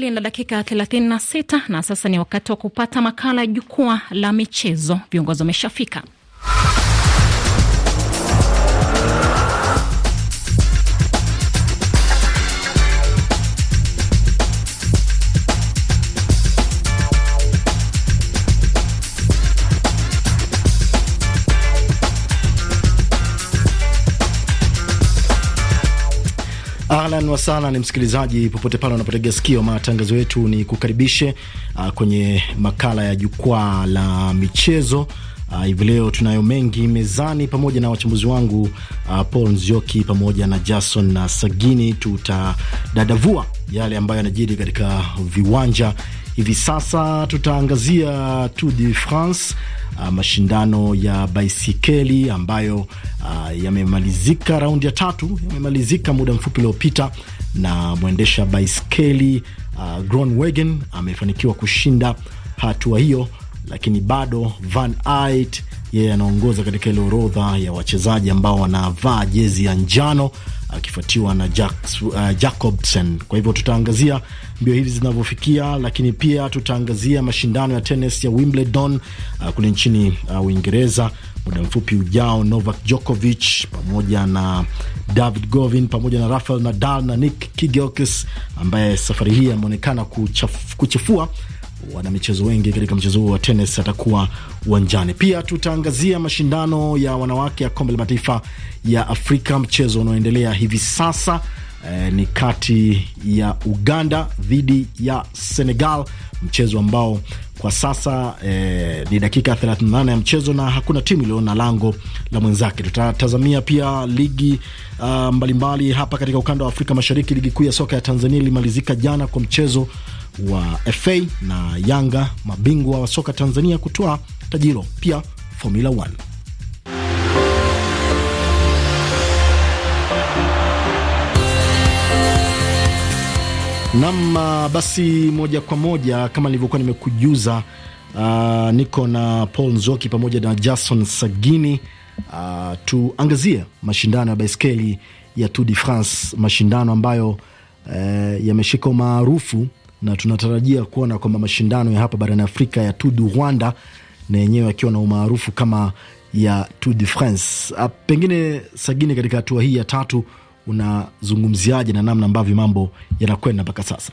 Na dakika 36 na sasa ni wakati wa kupata makala ya jukwaa la michezo. Viongozi wameshafika. Shukran wa sana ni msikilizaji, popote pale unapotega sikio matangazo yetu, ni kukaribishe uh, kwenye makala ya jukwaa la michezo ah, hivi uh, leo tunayo mengi mezani pamoja na wachambuzi wangu uh, Paul Nzioki pamoja na Jason na Sagini. Tutadadavua yale ambayo yanajiri katika viwanja Hivi sasa tutaangazia Tour de France, uh, mashindano ya baisikeli ambayo uh, yamemalizika, raundi ya tatu yamemalizika muda mfupi uliopita, na mwendesha baisikeli uh, ah, Groenewegen amefanikiwa kushinda hatua hiyo, lakini bado Van Aert yeye anaongoza katika ile orodha ya wachezaji ambao wanavaa jezi ya njano akifuatiwa na Jacks, uh, Jacobsen. Kwa hivyo tutaangazia mbio hizi zinavyofikia, lakini pia tutaangazia mashindano ya tenis ya Wimbledon uh, kule nchini uh, Uingereza muda mfupi ujao. Novak Djokovic pamoja na David Govin pamoja na Rafael Nadal na Nick Kyrgios ambaye safari hii ameonekana kuchafua wana michezo wengi katika mchezo huo wa tenis atakuwa uwanjani. Pia tutaangazia mashindano ya wanawake ya kombe la mataifa ya Afrika, mchezo unaoendelea hivi sasa eh, ni kati ya Uganda dhidi ya Senegal, mchezo ambao kwa sasa eh, ni dakika 38 ya mchezo na hakuna timu iliyoona lango la mwenzake. Tutatazamia pia ligi uh, mbalimbali hapa katika ukanda wa Afrika Mashariki. Ligi kuu ya soka ya Tanzania ilimalizika jana kwa mchezo wa FA na Yanga, mabingwa wa soka Tanzania, kutoa taji hilo. Pia Formula 1 nam. Uh, basi moja kwa moja kama nilivyokuwa nimekujuza, uh, niko na Paul Nzoki pamoja na Jason Sagini. Uh, tuangazie mashindano ya baiskeli ya Tour de France, mashindano ambayo uh, yameshika umaarufu na tunatarajia kuona kwamba mashindano ya hapa barani Afrika ya Tour du Rwanda na yenyewe akiwa na umaarufu kama ya Tour de France. A, ah, pengine Sagini, katika hatua hii ya tatu unazungumziaje na namna ambavyo mambo yanakwenda mpaka sasa?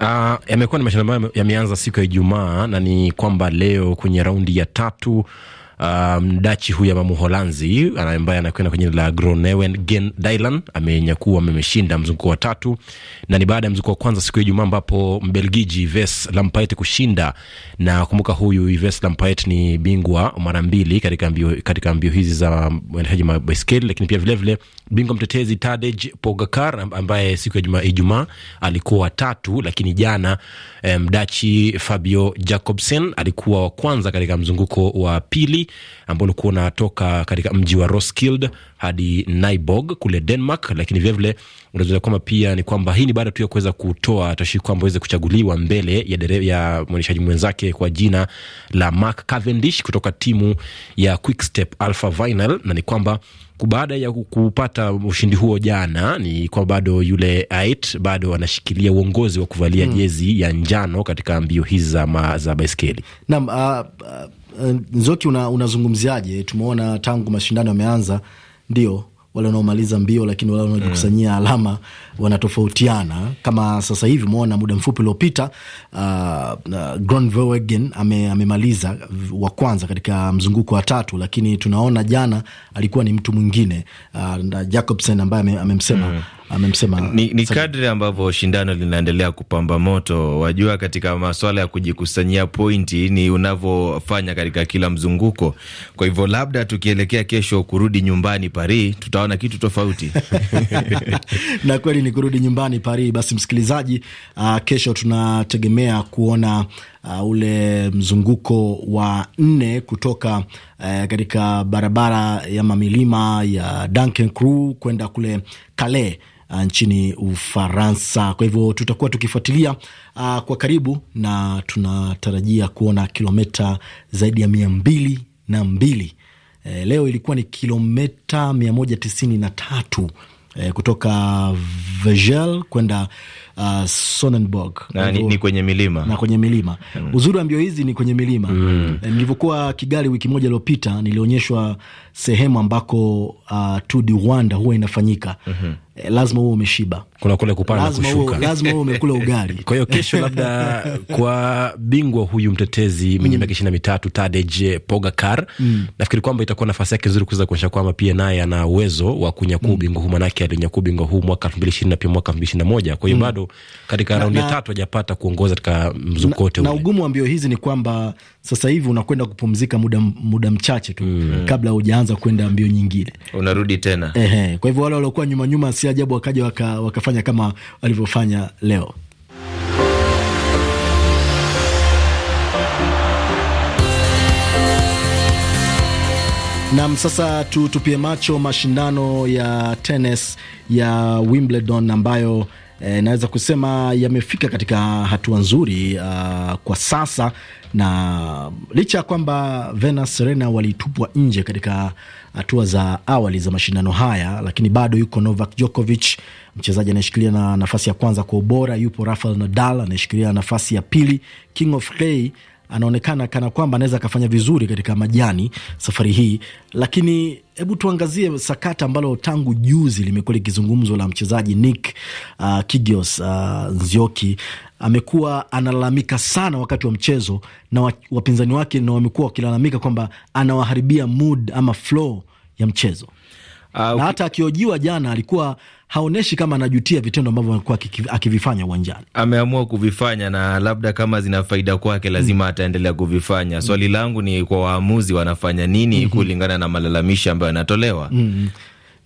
Uh, yamekuwa ni mashindano ambayo yameanza siku ya Ijumaa na ni kwamba leo kwenye raundi ya tatu Mdachi um, huyu ama Muholanzi ambaye anakwenda kwenye la Groningen Dylan amenyakuwa ameshinda mzunguko wa tatu na ni baada ya mzunguko wa kwanza siku ya Ijumaa ambapo Mbelgiji Yves Lampaet kushinda. Na kumbuka huyu Yves Lampaet ni bingwa mara mbili katika mbio, katika mbio hizi za mwendeshaji wa baiskeli, lakini pia vilevile vile, bingwa mtetezi Tadej Pogacar ambaye siku ya Ijumaa juma, alikuwa watatu, lakini jana Mdachi um, Fabio Jacobsen alikuwa wa kwanza katika mzunguko wa pili ambao ulikuwa unatoka katika mji wa Roskilde hadi Nyborg kule Denmark. Lakini vilevile unaweza kwamba pia ni kwamba hii ni baada tu ya kuweza kutoa tashiri kwamba aweze kuchaguliwa mbele ya, dereva ya mwendeshaji mwenzake kwa jina la Mark Cavendish kutoka timu ya Quickstep Alpha Vinyl, na ni kwamba baada ya kupata ushindi huo jana, ni kwa bado yule Ait bado anashikilia uongozi wa kuvalia mm, jezi ya njano katika mbio hizi za baiskeli. Naam, uh, uh, Eh, Nzoki, unazungumziaje? Una tumeona tangu mashindano yameanza, ndio wale wanaomaliza mbio, lakini wale wanaojikusanyia mm. alama wanatofautiana. Kama sasa hivi umeona muda mfupi uliopita, uh, ah, uh, ah, Groenewegen amemaliza ame wa kwanza katika mzunguko wa tatu, lakini tunaona jana alikuwa ni mtu mwingine uh, ah, Jacobsen ambaye amemsema ame mm amemsema ni, ni kadri ambavyo shindano linaendelea kupamba moto. Wajua, katika maswala ya kujikusanyia pointi ni unavyofanya katika kila mzunguko. Kwa hivyo, labda tukielekea kesho kurudi nyumbani Paris, tutaona kitu tofauti na kweli ni kurudi nyumbani Paris. Basi msikilizaji, uh, kesho tunategemea kuona uh, ule mzunguko wa nne kutoka eh, katika barabara ya mamilima ya Duncan Crew kwenda kule Calais eh, nchini Ufaransa. Kwa hivyo tutakuwa tukifuatilia uh, kwa karibu na tunatarajia kuona kilomita zaidi ya mia mbili na mbili. E, leo ilikuwa ni kilomita mia moja tisini na tatu eh, kutoka Vegel kwenda uh, Sonnenburg na, ni, ni kwenye milima na kwenye milima mm. Uzuri wa mbio hizi ni kwenye milima mm. Eh, nilivyokuwa Kigali wiki moja iliyopita nilionyeshwa sehemu ambako uh, Tour du Rwanda huwa inafanyika mm -hmm. lazima huwe umeshiba, kuna kule kupanda na kushuka, lazima huwe umekula ugali. Kwa hiyo kesho, labda kwa bingwa huyu mtetezi mwenye mm. miaka mm. ishirini na mitatu Tadej Pogacar mm. nafikiri kwamba itakuwa nafasi yake nzuri kuweza kuonyesha kwamba pia naye ana uwezo wa kunyakua mm. ubingwa huu, manake alinyakua ubingwa huu mwaka elfu mbili ishirini na pia mwaka elfu mbili ishirini na moja Kwa hiyo mm. bado katika raundi ya tatu hajapata kuongoza katika mzunguko wote na, na ugumu wa mbio hizi ni kwamba sasa hivi unakwenda kupumzika muda, muda mchache tu mm. kabla hujaanza unaanza kwenda mbio nyingine, unarudi tena ehe. Kwa hivyo wale waliokuwa nyuma nyuma, si ajabu wakaja waka, wakafanya kama walivyofanya leo. Nam, sasa tutupie macho mashindano ya tenis ya Wimbledon ambayo e, naweza kusema yamefika katika hatua nzuri uh, kwa sasa, na licha ya kwamba Venus Serena walitupwa nje katika hatua za awali za mashindano haya, lakini bado yuko Novak Djokovic, mchezaji anayeshikilia na nafasi ya kwanza kwa ubora, yupo Rafael Nadal anayeshikilia nafasi ya pili, King of Clay anaonekana kana kwamba anaweza akafanya vizuri katika majani safari hii, lakini hebu tuangazie sakata ambalo tangu juzi limekuwa likizungumzwa la mchezaji Nick uh, Kigios uh, Nzioki amekuwa analalamika sana wakati wa mchezo na wapinzani wake, na wamekuwa wakilalamika kwamba anawaharibia mood ama flow ya mchezo. Ah, na okay. Hata akiojiwa jana alikuwa haoneshi kama anajutia vitendo ambavyo alikuwa akivifanya uwanjani. Ameamua kuvifanya na labda kama zina faida kwake, lazima mm. ataendelea kuvifanya mm. Swali langu ni kwa waamuzi wanafanya nini mm -hmm. kulingana na malalamishi ambayo yanatolewa mm -hmm.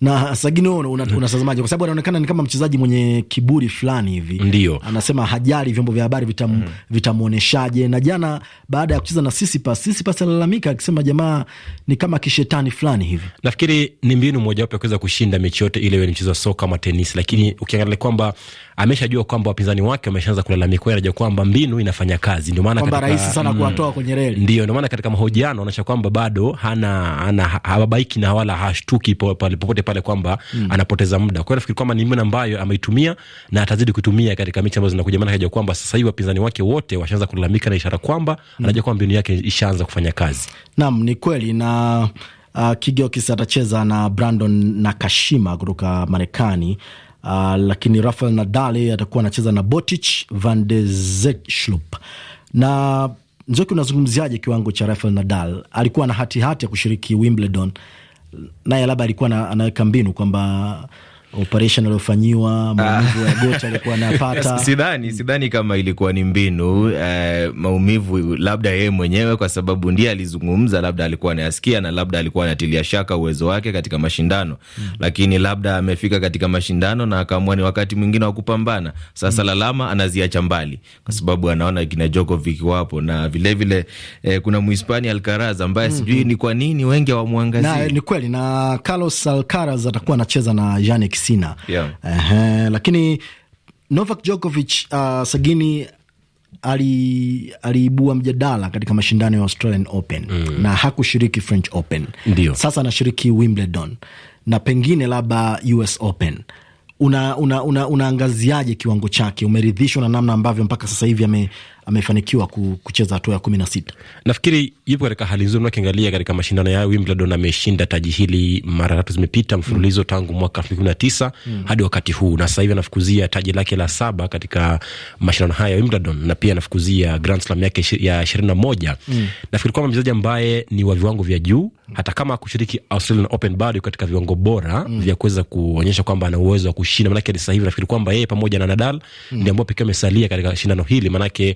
Na Saginono hmm. unatazamaje? Kwa sababu anaonekana ni kama mchezaji mwenye kiburi fulani hivi, ndio anasema hajali vyombo vya habari vitam, mm. vitamwoneshaje. Na jana baada ya kucheza na Sisipas, Sisipas alalamika akisema jamaa ni kama kishetani fulani hivi. Nafikiri ni mbinu mojawapo ya kuweza kushinda mechi yote ile, iwe ni mchezo wa soka ama tenisi, lakini ukiangalia kwamba ameshajua kwamba wapinzani wake wameshaanza kulalamika, anajua kwamba mbinu inafanya kazi, ndio maana kwamba rahisi sana hmm. kuwatoa kwenye reli. Ndio ndio maana katika mahojiano anaonyesha kwamba bado hana hana hababaiki na wala hashtuki popote pale pale kwamba mm. anapoteza muda. Kwa hiyo nafikiri kwamba ni mbinu ambayo ameitumia na atazidi kutumia katika mechi ambazo zinakuja, maana anajua kwamba sasa hivi wapinzani wake wote washaanza kulalamika na ishara kwamba mm. anajua kwamba mbinu yake ishaanza kufanya kazi. Naam, ni kweli na uh, Kigokis atacheza na Brandon Nakashima kutoka Marekani. Uh, lakini Rafael Nadal atakuwa anacheza na Botic van de Zeeschlup. Na Nzoki, unazungumziaje kiwango cha Rafael Nadal? Alikuwa na hatihati ya kushiriki Wimbledon naye labda alikuwa anaweka mbinu kwamba operation aliyofanyiwa maumivu ya goti alikuwa anapata. Sidhani, sidhani kama ilikuwa ni mbinu eh, maumivu labda yeye mwenyewe, kwa sababu ndiye alizungumza, labda alikuwa anayasikia na labda alikuwa anatilia shaka uwezo wake katika mashindano mm. Lakini labda amefika katika mashindano na akaamua ni wakati mwingine wa kupambana sasa. Mm. Lalama anaziacha mbali kwa sababu anaona kina Djokovic wapo na vilevile vile, eh, kuna Muhispania Alcaraz ambaye mm -hmm. sijui ni kwa nini wengi hawamwangazii. Eh, ni kweli na Carlos Alcaraz atakuwa anacheza na Jannik sina yeah. Ehe, lakini Novak Djokovic uh, sagini ali, aliibua mjadala katika mashindano ya Australian Open mm. na hakushiriki French Open. Ndiyo. Sasa anashiriki Wimbledon na pengine labda US Open. Una, una, una, unaangaziaje kiwango chake? Umeridhishwa na namna ambavyo mpaka sasa hivi amefanikiwa kucheza hatua ya kumi na sita. Nafikiri yupo katika hali nzuri, nakiangalia katika mashindano ya Wimbledon ameshinda taji hili mara tatu zimepita mfululizo mm. tangu mwaka elfu mbili kumi na tisa mm. hadi wakati huu, na sasa hivi anafukuzia taji lake la saba katika mashindano haya ya Wimbledon na pia anafukuzia Grand Slam yake ya ishirini na moja mm. nafikiri kwamba mchezaji ambaye ni wa viwango vya juu hata kama kushiriki Australian Open bado katika viwango bora mm. vya kuweza kuonyesha kwamba ana uwezo wa kushinda, manake sasa hivi nafikiri kwamba yeye pamoja na Nadal mm. ndio ambao pekee amesalia katika shindano hili manake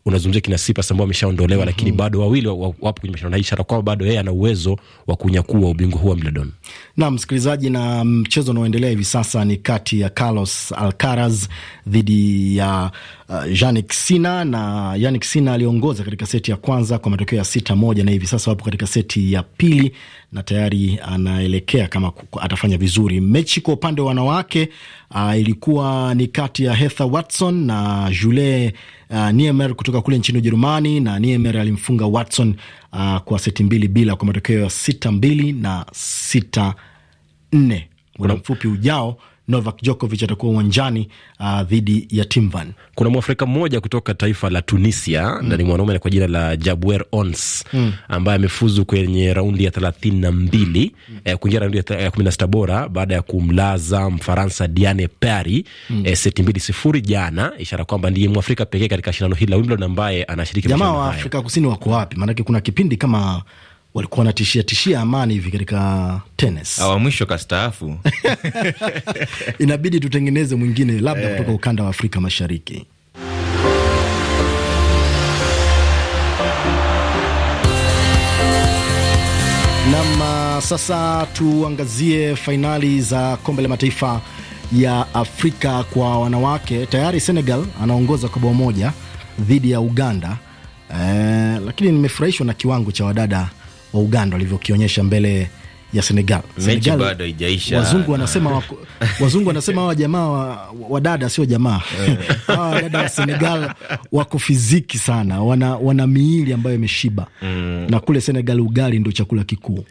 unazungumzia kina Sipas ambao ameshaondolewa, mm -hmm. lakini mhm. bado wawili wapo wa, wa kwenye mashindano na ishara kwamba bado yeye ana uwezo wa kunyakua ubingwa huu wa Wimbledon. Na msikilizaji, na mchezo unaoendelea hivi sasa ni kati ya Carlos Alcaraz dhidi ya Jannik uh, Sinner na Jannik Sinner aliongoza katika seti ya kwanza kwa matokeo ya sita moja, na hivi sasa wapo katika seti ya pili na tayari anaelekea kama atafanya vizuri. Mechi kwa upande wa wanawake uh, ilikuwa ni kati ya Heather Watson na Jule uh, Niemer kutoka kutoka kule nchini Ujerumani na Niemer alimfunga Watson uh, kwa seti mbili bila kwa matokeo ya sita mbili na sita nne. Muda mfupi ujao Novak Djokovic atakuwa uwanjani uh, dhidi ya Timvan. Kuna mwafrika mmoja kutoka taifa la Tunisia mm. na ni mwanaume kwa jina la Jabwer Ons mm. ambaye amefuzu kwenye raundi ya thelathini na mbili mm. eh, kuingia raundi ya kumi na sita bora baada ya kumlaza Mfaransa Diane Parry mm. eh, seti mbili sifuri jana, ishara kwamba ndiye mwafrika pekee katika shindano hili la Wimbledon ambaye anashiriki. Jamaa wa Afrika Kusini wako wapi? Maanake kuna kipindi kama walikuwa wanatishia tishia amani hivi katika tenis. Awa mwisho kastaafu inabidi tutengeneze mwingine labda yeah, kutoka ukanda wa Afrika Mashariki. Nam, uh, sasa tuangazie fainali za kombe la mataifa ya Afrika kwa wanawake. Tayari Senegal anaongoza kwa bao moja dhidi ya Uganda eh, lakini nimefurahishwa na kiwango cha wadada wa Uganda walivyokionyesha mbele ya Senegal. Senegal bado haijaisha. Wazungu wanasema wazungu wanasema hawa jamaa wa, wa dada sio jamaa eh. hawa dada wa Senegal wako fiziki sana, wana, wana miili ambayo imeshiba mm. na kule Senegal ugali ndio chakula kikuu.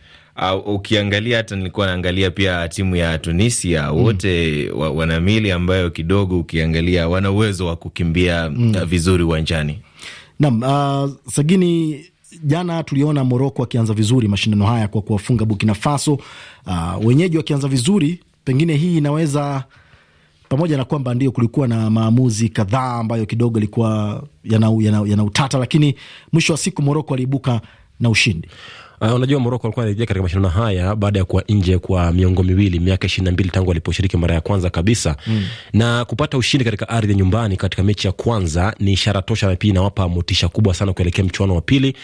Uh, ukiangalia hata nilikuwa naangalia pia timu ya Tunisia wote mm. wa, wana mili ambayo kidogo ukiangalia wana uwezo wa kukimbia mm. vizuri uwanjani. Naam, uh, Sagini jana tuliona Moroko akianza vizuri mashindano haya kwa kuwafunga Burkina Faso. Uh, wenyeji wakianza vizuri, pengine hii inaweza pamoja na kwamba ndio kulikuwa na maamuzi kadhaa ambayo kidogo ilikuwa yana, yana, yana utata, lakini mwisho wa siku Moroko aliibuka na ushindi. Uh, unajua Moroko walikuwa wanarejea katika mashindano haya baada ya kuwa nje kwa miongo miwili, miaka ishirini na mbili tangu waliposhiriki mara ya kwanza kabisa mm. na kupata ushindi katika ardhi ya nyumbani katika mechi ya kwanza ni ishara tosha, na pia inawapa motisha kubwa sana kuelekea mchuano wa pili,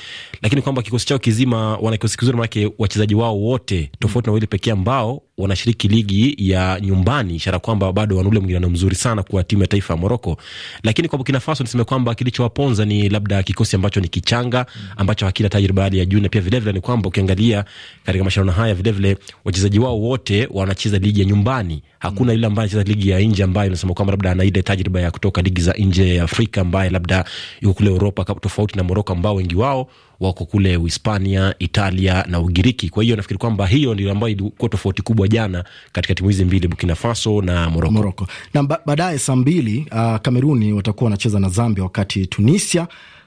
lakini kwamba kikosi chao kizima wana kikosi kizuri, manake wachezaji wao wote tofauti mm. na wawili pekee ambao wanashiriki ligi ya nyumbani, ishara kwamba bado wana ule mwingiliano mzuri sana kwa timu ya taifa ya Moroko. Lakini kwa Burkina Faso niseme kwamba kilichowaponza ni labda kikosi ambacho ni kichanga, ambacho hakina tajriba hali ya juu, na pia vilevile ni kwamba ukiangalia katika mashindano haya vilevile wachezaji wao wote wanacheza ligi ya nyumbani hakuna mm. yule ambaye anacheza ligi ya nje ambaye unasema kwamba labda ana ile tajriba ya kutoka ligi za nje ya Afrika ambaye labda yuko kule Uropa, tofauti na Moroko ambao wengi wao wako kule Uhispania, Italia na Ugiriki. Kwa hiyo nafikiri kwamba hiyo ndio ambayo ilikuwa tofauti kubwa jana katika timu hizi mbili, Burkina Faso na Moroko, Moroko. Na baadaye saa mbili uh, Kameruni watakuwa wanacheza na Zambia, wakati Tunisia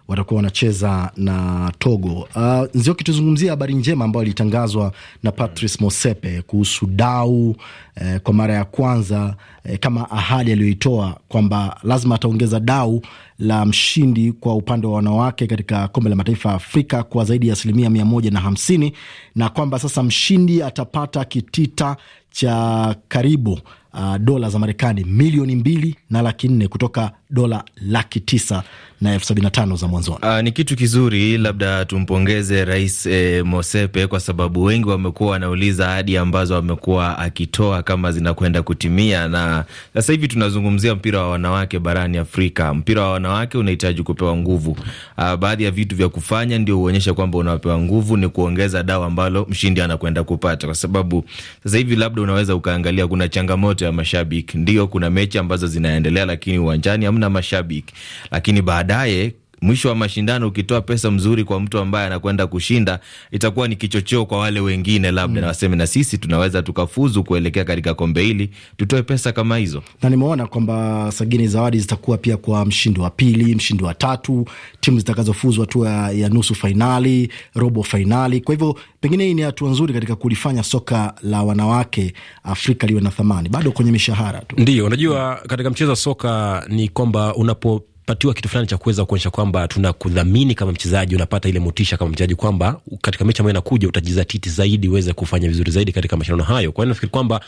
watakuwa wanacheza na Togo. Uh, Nzioki, tuzungumzia habari njema ambayo ilitangazwa na Patrice Mosepe kuhusu dau eh, kwa mara ya kwanza eh, kama ahadi aliyoitoa kwamba lazima ataongeza dau la mshindi kwa upande wa wanawake katika kombe la mataifa ya Afrika kwa zaidi ya asilimia mia moja na hamsini na kwamba sasa mshindi atapata kitita cha karibu uh, dola za Marekani milioni mbili na laki nne kutoka dola laki tisa na elfu sabini na tano za mwanzoni. Uh, ni kitu kizuri, labda tumpongeze Rais e, Mosepe kwa sababu wengi wamekuwa wanauliza ahadi ambazo amekuwa akitoa kama zinakwenda kutimia, na sasa hivi tunazungumzia mpira wa wanawake barani Afrika. Mpira wa wanawake unahitaji kupewa nguvu. Uh, baadhi ya vitu vya kufanya ndio huonyesha kwamba unapewa nguvu ni kuongeza dawa ambalo mshindi anakwenda kupata, kwa sababu sasa hivi labda unaweza ukaangalia kuna changamoto ya mashabiki, ndio kuna mechi ambazo zinaendelea, lakini uwanjani hamna mashabiki, lakini baadaye mwisho wa mashindano ukitoa pesa mzuri kwa mtu ambaye anakwenda kushinda, itakuwa ni kichocheo kwa wale wengine labda, mm, na waseme na sisi tunaweza tukafuzu kuelekea katika kombe hili, tutoe pesa kama hizo. Na nimeona kwamba sagini zawadi zitakuwa pia kwa mshindi wa pili, mshindi wa tatu, timu zitakazofuzwa hatua ya nusu fainali, robo fainali. Kwa hivyo pengine hii ni hatua nzuri katika kulifanya soka la wanawake Afrika liwe na thamani, bado kwenye mishahara tu. Ndio unajua, katika mchezo wa soka ni kwamba unapo unapatiwa kitu fulani cha kuweza kuonyesha kwamba tunakudhamini kama mchezaji, unapata ile motisha kama mchezaji kwamba katika mechi ambayo inakuja utajizatiti zaidi uweze kufanya vizuri zaidi katika mashindano hayo. Kwa hiyo nafikiri kwamba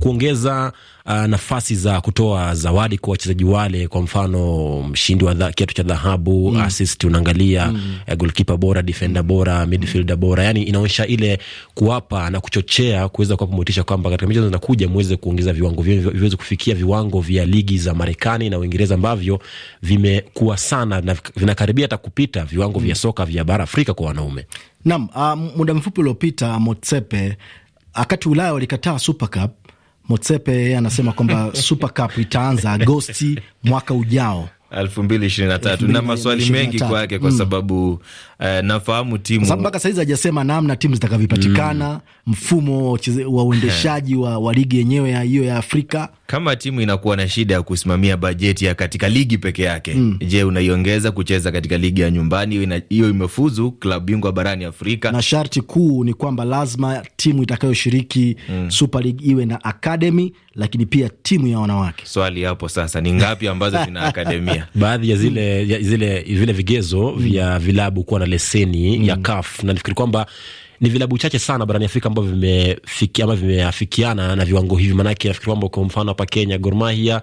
kuongeza uh, nafasi za kutoa zawadi kwa wachezaji wale, kwa mfano mshindi wa kiatu cha dhahabu mm. assist unaangalia mm. uh, goalkeeper bora, defender bora, midfielder bora, yani inaonyesha ile kuwapa na kuchochea kuweza kuwapa motisha kwamba katika mechi zinakuja muweze kuongeza viwango vyenu viweze kufikia viwango vya ligi za Marekani na Uingereza ambavyo vime vimekuwa sana na vinakaribia hata kupita viwango vya mm. soka vya bara Afrika kwa wanaume. Naam, uh, muda mfupi uliopita Motsepe wakati Ulaya walikataa Super Cup, Motsepe yeye anasema kwamba Super Cup itaanza Agosti mwaka ujao 2023 na maswali mengi kwake kwa mm. sababu mm. uh, nafahamu timu kwa sababu mpaka saizi hajasema namna timu zitakavyopatikana, mm, mfumo wa uendeshaji wa, wa ligi yenyewe hiyo ya, ya Afrika kama timu inakuwa na shida ya kusimamia bajeti ya katika ligi peke yake mm. Je, unaiongeza kucheza katika ligi ya nyumbani? Hiyo imefuzu klabu bingwa barani Afrika, na sharti kuu ni kwamba lazima timu itakayoshiriki mm. Super League iwe na academy, lakini pia timu ya wanawake. Swali hapo sasa ni ngapi ambazo zina akademia? Baadhi ya zile, ya zile vile vigezo mm. vya vilabu kuwa na leseni mm. ya CAF na nafikiri kwamba ni vilabu chache sana barani Afrika ambavyo vimefikia ama vimeafikiana na viwango hivi, maanake nafikiri kwamba kwa mfano hapa Kenya Gor Mahia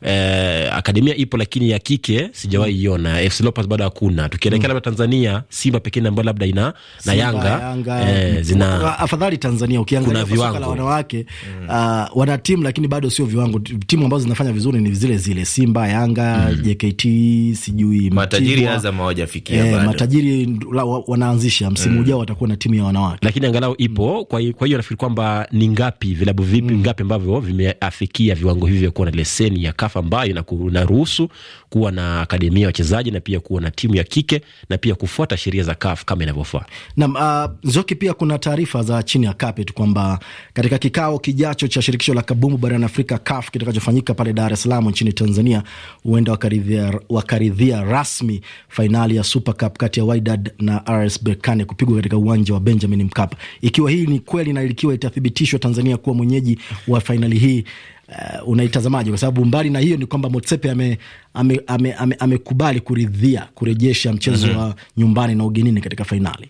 eh, akademia ipo lakini ya kike sijawahi mm. iona. FC Leopards bado hakuna. Tukielekea mm. labda Tanzania, Simba pekee ambayo labda ina na Yanga, Yanga eh, zina afadhali Tanzania. Ukiangalia viwango la wanawake mm. uh, wana timu lakini bado sio viwango. Timu ambazo zinafanya vizuri ni zile zile Simba, Yanga mm. JKT, sijui matajiri Azam hawajafikia eh, bado. Matajiri la, wanaanzisha msimu mm. ujao mm. watakuwa na timu ya wanawake lakini angalau ipo. Kwa hiyo nafikiri kwamba ni ngapi vilabu vipi mm. ngapi ambavyo vimeafikia viwango hivyo kuwa na leseni ya CAF ambayo inaruhusu kuwa na akademia ya wachezaji na pia kuwa na timu ya kike na pia kufuata sheria za CAF kama inavyofaa. Naam, uh, ah, Zoki, pia kuna taarifa za chini ya kapeti kwamba katika kikao kijacho cha shirikisho la kabumbu barani Afrika CAF kitakachofanyika pale Dar es Salaam nchini Tanzania, huenda wakaridhia, wakaridhia rasmi fainali ya Super Cup kati ya Wydad na RS Berkane kupigwa katika uwanja wa Benjamin Mkapa. Ikiwa hii ni kweli na ikiwa itathibitishwa Tanzania kuwa mwenyeji wa fainali hii uh, unaitazamaje? Kwa sababu mbali na hiyo ni kwamba Motsepe amekubali ame, ame, ame, ame kuridhia kurejesha mchezo mm -hmm. wa nyumbani na ugenini katika fainali.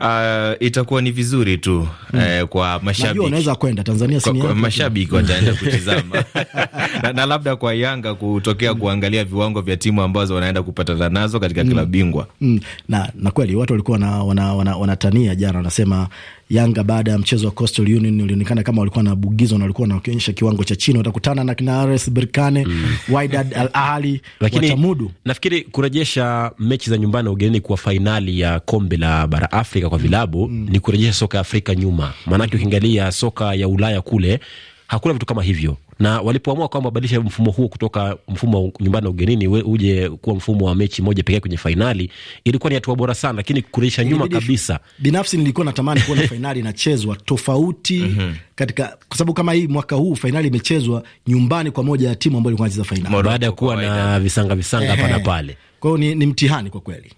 Uh, ah, itakuwa ni vizuri tu mm. Eh, kwa mashabiki wanaweza kwenda Tanzania, kwa, kwa mashabiki wataenda kutizama na, na labda kwa Yanga kutokea mm. kuangalia viwango vya timu ambazo wanaenda kupatana nazo katika mm. klabu hmm. bingwa mm. na, na kweli watu walikuwa wanatania wana, wana, wana jana wanasema Yanga baada ya mchezo wa Coastal Union ulionekana kama walikuwa na bugizo na walikuwa wanaonyesha kiwango cha chini, watakutana na kina RS Berkane mm. Wydad Al Ahli watamudu. Nafikiri kurejesha mechi za nyumbani na ugenini kuwa fainali ya kombe la bara Afrika kwa mm. vilabu mm. ni kurejesha soka ya Afrika nyuma, maanake ukiangalia soka ya Ulaya kule hakuna vitu kama hivyo, na walipoamua kwamba badilisha mfumo huo kutoka mfumo wa nyumbani na ugenini uje kuwa mfumo wa mechi moja pekee kwenye fainali, ilikuwa ni hatua bora sana, lakini kurejesha nyuma kabisa. Binafsi nilikuwa natamani kuona fainali inachezwa tofauti mm -hmm. Katika kwa sababu kama hii mwaka huu fainali imechezwa nyumbani kwa moja ya timu ambayo ilikuwa inacheza fainali baada ya kuwa na visanga visanga hapa na pale. Kwa hiyo ni, ni mtihani kwa kweli.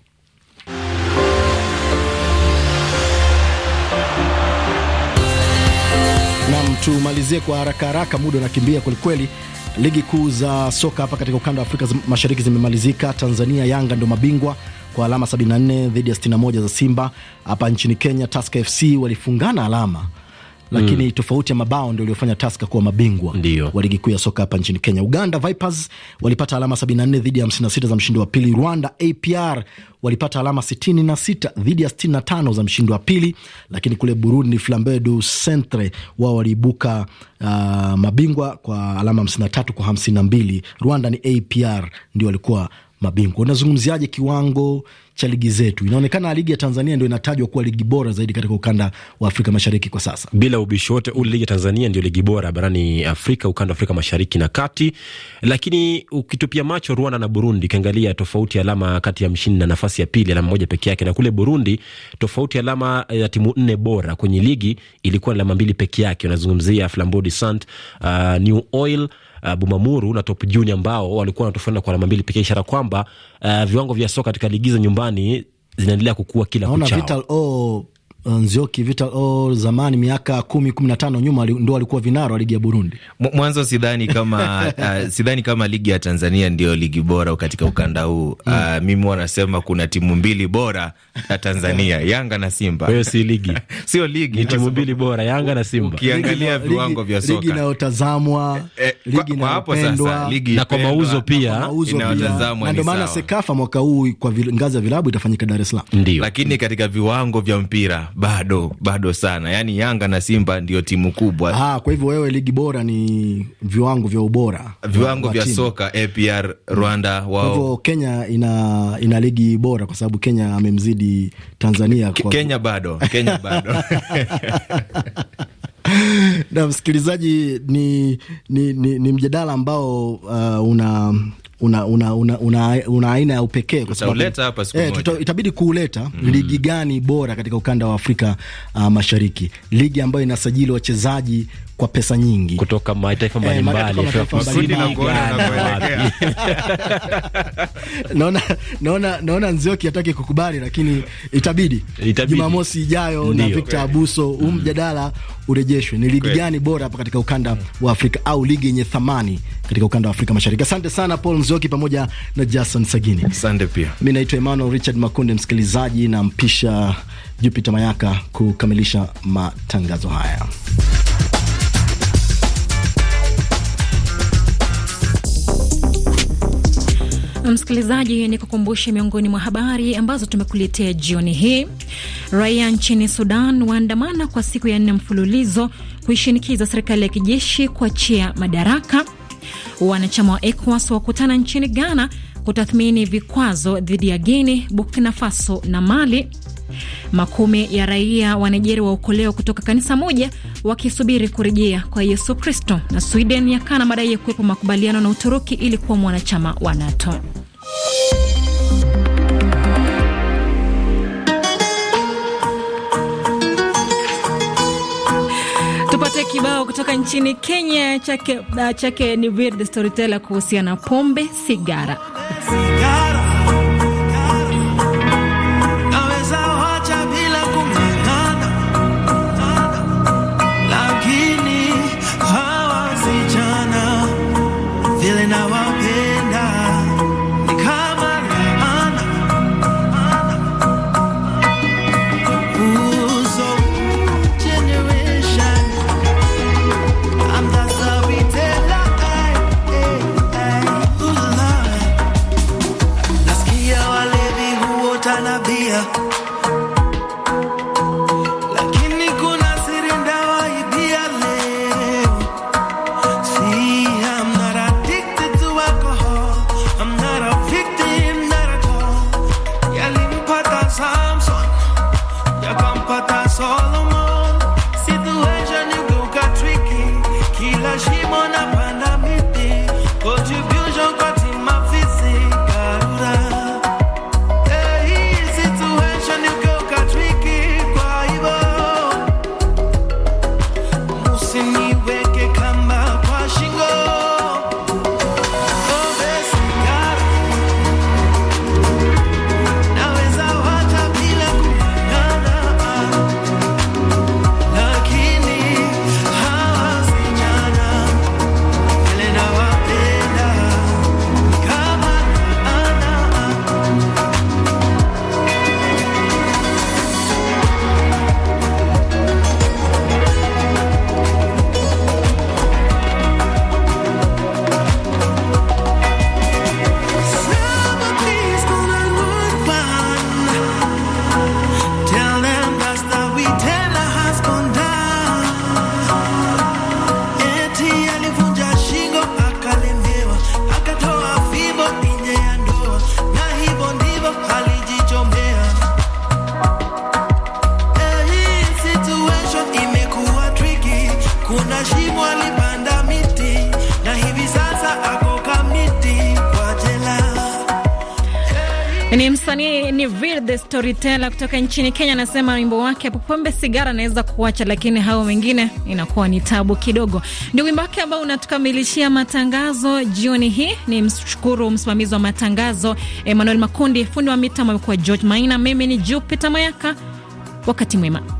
tumalizie kwa haraka haraka, muda unakimbia kwelikweli. Ligi kuu za soka hapa katika ukanda wa Afrika Mashariki zimemalizika. Tanzania, Yanga ndo mabingwa kwa alama 74 dhidi ya 61 za Simba. Hapa nchini Kenya, Tusker FC walifungana alama lakini mm. tofauti ya mabao ndio iliyofanya taska kuwa mabingwa Ndiyo. wa ligi kuu ya soka hapa nchini Kenya. Uganda Vipers walipata alama 74 dhidi ya 56 za mshindi wa pili. Rwanda APR walipata alama 66 dhidi ya 65 za mshindi wa pili, lakini kule Burundi Flambeau du Centre wao waliibuka uh, mabingwa kwa alama 53 kwa 52. Rwanda ni APR ndio walikuwa mabingwa. Unazungumziaje kiwango cha ligi zetu? Inaonekana ligi ya Tanzania ndio inatajwa kuwa ligi bora zaidi katika ukanda wa Afrika Mashariki kwa sasa, bila ubishi wote ule. Ligi ya Tanzania ndio ligi bora barani Afrika, ukanda wa Afrika Mashariki na Kati. Lakini ukitupia macho Rwanda na Burundi, ukiangalia tofauti ya alama kati ya mshindi na nafasi ya pili, alama moja peke yake, na kule Burundi tofauti ya alama ya timu nne bora kwenye ligi ilikuwa alama mbili peke yake. Unazungumzia Flambodi Sant, uh, New Oil uh, Bumamuru na Top Junior ambao walikuwa wanatofautiana kwa alama mbili pekee, ishara kwamba uh, viwango vya soka katika ligi za nyumbani zinaendelea kukua kila kuchao. Vital O oh, Uh, Nzioki Vita oh, zamani miaka kumi kumi na tano nyuma ndo alikuwa vinara wa ligi ya Burundi. Mwanzo sidhani kama uh, sidhani kama ligi ya Tanzania ndio ligi bora katika ukanda huu uh, mm. mimi wanasema kuna timu mbili bora ya Tanzania Yanga na Simba. Kwa hiyo si ligi sio ligi, ni timu mbili bora Yanga na Simba. Ukiangalia viwango vya soka, ligi inayotazamwa eh, eh ligi inayopendwa na kwa mauzo pia inayotazamwa, na ndio maana Sekafa mwaka huu kwa ngazi ya vilabu itafanyika Dar es Salaam, lakini katika viwango vya mpira bado bado sana, yaani Yanga na Simba ndio timu kubwa. Aha, kwa hivyo wewe, ligi bora ni viwango vya ubora, viwango vya soka APR Rwanda wao. Kwa hivyo Kenya ina, ina ligi bora kwa sababu Kenya amemzidi Tanzania kwa... Kenya bado Kenya bado na msikilizaji, ni, ni, ni, ni mjadala ambao uh, una una una una, una, una aina ya upekee kwa sababu eh, itabidi kuuleta mm. Ligi gani bora katika ukanda wa Afrika uh, Mashariki, ligi ambayo inasajili wachezaji kwa pesa nyingi kutoka mataifa eh, mbalimbali. Naona naona naona Nzioki hataki kukubali, lakini itabidi, itabidi. Jumamosi ijayo na Victor Abuso huu um mm. mjadala urejeshwe, ni ligi gani bora hapa katika ukanda wa Afrika au ligi yenye thamani katika ukanda wa Afrika Mashariki. Asante sana Paul Nzioki mchambuzi pamoja na Jason Sagini. Asante pia. Mimi naitwa Emmanuel Richard Makunde, msikilizaji na mpisha Jupiter Mayaka kukamilisha matangazo haya. Msikilizaji, ni kukumbushe miongoni mwa habari ambazo tumekuletea jioni hii. Raia nchini Sudan waandamana kwa siku ya nne mfululizo kuishinikiza serikali ya kijeshi kuachia madaraka. Wanachama wa ECOWAS wakutana nchini Ghana kutathmini vikwazo dhidi ya Guinea, Burkina Faso na Mali. Makumi ya raia wa Nigeria waokolewa kutoka kanisa moja wakisubiri kurejea kwa Yesu Kristo. Na Sweden yakana madai ya kuwepo makubaliano na Uturuki ili kuwa mwanachama wa NATO. kutoka nchini Kenya chake, uh, chake ni weird storyteller kuhusiana pombe sigara wanna be a Msanii ni Vir the Storyteller kutoka nchini Kenya anasema wimbo wake pombe sigara anaweza kuacha, lakini hao wengine inakuwa ni tabu kidogo. Ndio wimbo wake ambao unatukamilishia matangazo jioni hii. Ni mshukuru msimamizi wa matangazo Emmanuel Makundi, fundi wa mitambo amekuwa George Maina, mimi ni Jupiter Mayaka. Wakati mwema.